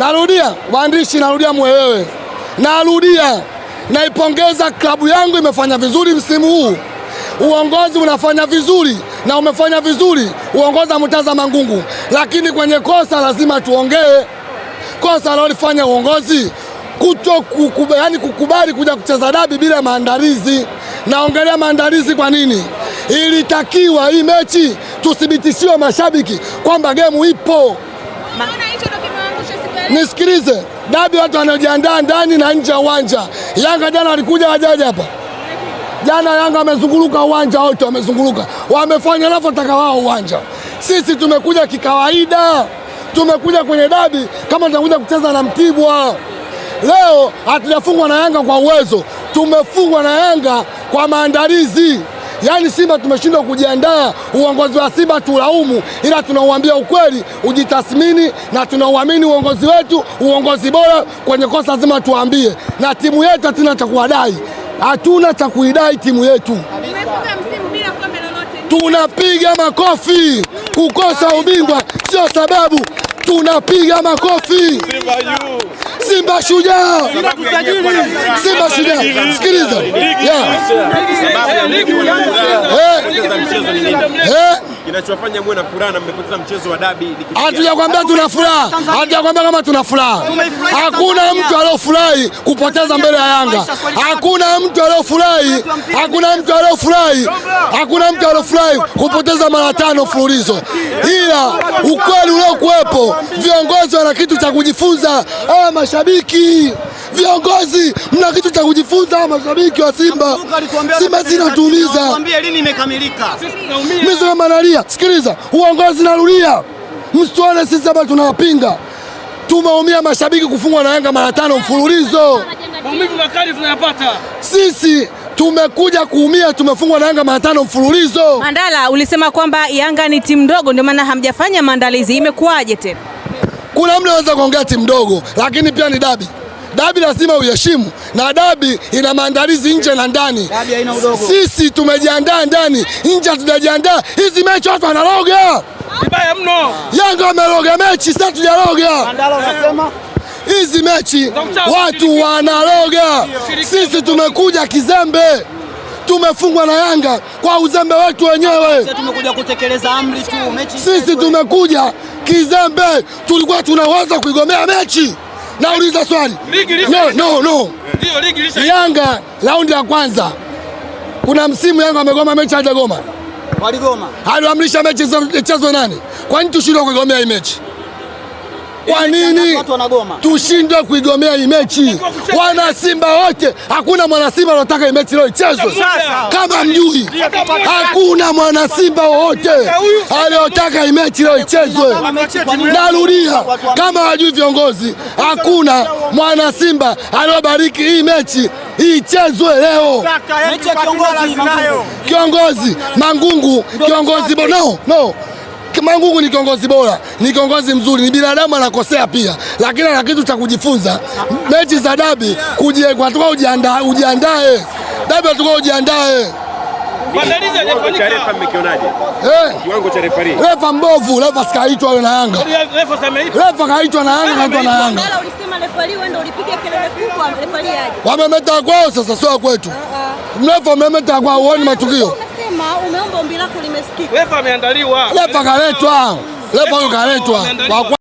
Narudia waandishi, narudia mwelewe, narudia, naipongeza klabu yangu, imefanya vizuri msimu huu, uongozi unafanya vizuri na umefanya vizuri uongozi amtazama Mangungu, lakini kwenye kosa lazima tuongee kosa alilofanya uongozi kuto kukubali, yani kukubali kuja kucheza dabi bila maandalizi. Naongelea maandalizi kwa nini? Ilitakiwa hii mechi tuthibitishiwe mashabiki kwamba gemu ipo Ma nisikilize, dabi watu wanaojiandaa ndani na nje ya uwanja. Yanga jana walikuja wajaji hapa jana? Yanga wamezunguruka uwanja wote, wamezunguruka wamefanya wanavyotaka wao uwanja. Sisi tumekuja kikawaida, tumekuja kwenye dabi kama tunakuja kucheza na Mtibwa. Leo hatujafungwa na Yanga kwa uwezo, tumefungwa na Yanga kwa maandalizi. Yaani Simba tumeshindwa kujiandaa. Uongozi wa Simba tulaumu, ila tunauambia ukweli, ujitathmini, na tunauamini uongozi wetu, uongozi bora. Kwenye kosa lazima tuambie, na timu yetu hatuna cha kuwadai, hatuna cha kuidai timu yetu. Tunapiga makofi. Kukosa ubingwa sio sababu, tunapiga makofi. Simba shujaa, Simba shujaa. Sikiliza kinachofanya muwe na furaha na mmepoteza mchezo wa dabi. Hatujakwambia tuna furaha, hatujakwambia kama tuna furaha. Hakuna mtu aliyofurahi kupoteza mbele ya Yanga, hakuna mtu aliyofurahi, hakuna mtu aliyofurahi, hakuna mtu aliyofurahi kupoteza mara tano mfululizo, ila ukweli uliokuwepo, viongozi wana kitu cha kujifunza. Ah, mashabiki Viongozi mna kitu cha kujifunza, mashabiki wa Simba. Simba zinatuumiza. Mimi nalia, sikiliza, uongozi narudia, msituone sisi hapa tunawapinga. Tumeumia mashabiki kufungwa na Yanga mara tano mfululizo, maumivu makali tunayapata sisi tumekuja kuumia, tumefungwa na Yanga mara tano mfululizo. Mandala, ulisema kwamba Yanga ni timu ndogo, ndio maana hamjafanya maandalizi. Imekuwaje tena? Kuna mtu anaweza kuongea timu ndogo, lakini pia ni dabi dabi lazima uheshimu, na dabi ina maandalizi nje na ndani. Sisi tumejiandaa ndani, nje tunajiandaa. Hizi mechi watu wanaroga vibaya mno. Yanga wameroga mechi, sasa tujaroga hizi mechi, watu wanaroga. Sisi tumekuja kizembe tumefungwa na Yanga kwa uzembe wetu wenyewe. Sisi tumekuja kutekeleza amri tu, mechi sisi tumekuja kizembe, tulikuwa tunawaza kuigomea mechi. Nauliza swali no, no, no. Yanga raundi ya kwanza, kuna msimu Yanga amegoma mechi hajagoma, waligoma, aliamrisha mechi ichezwe nani? Kwani tushindwe kugomea hii mechi? Kwa yaani nini tushindwe kuigomea hii mechi? Wana Simba wote, hakuna mwana Simba anataka hii mechi leo ichezwe. Kama mjui, hakuna mwana Simba wote aliyotaka hii mechi leo ichezwe. Narudia, kama wajui viongozi, hakuna mwana Simba aliyobariki hii mechi ichezwe leo. Kiongozi Mangungu, kiongozi no, no Mangungu ni kiongozi bora, ni kiongozi mzuri, ni binadamu, anakosea pia, lakini ana kitu cha kujifunza. Mechi za dabi kujiweka, ujiandae, ujiandae dabi, watakuwa ujiandae eh? refa mbovu, refa sikaitwa na Yanga, refa kaitwa na Yanga, kaitwa na Yanga, wamemeta kwao. Sasa sio kwetu, ah, ah. refa wamemeta kwao, ni matukio kama umeomba ombi lako limesikika. Lefa ameandaliwa. Lefa kaletwa. Lefa kaletwa.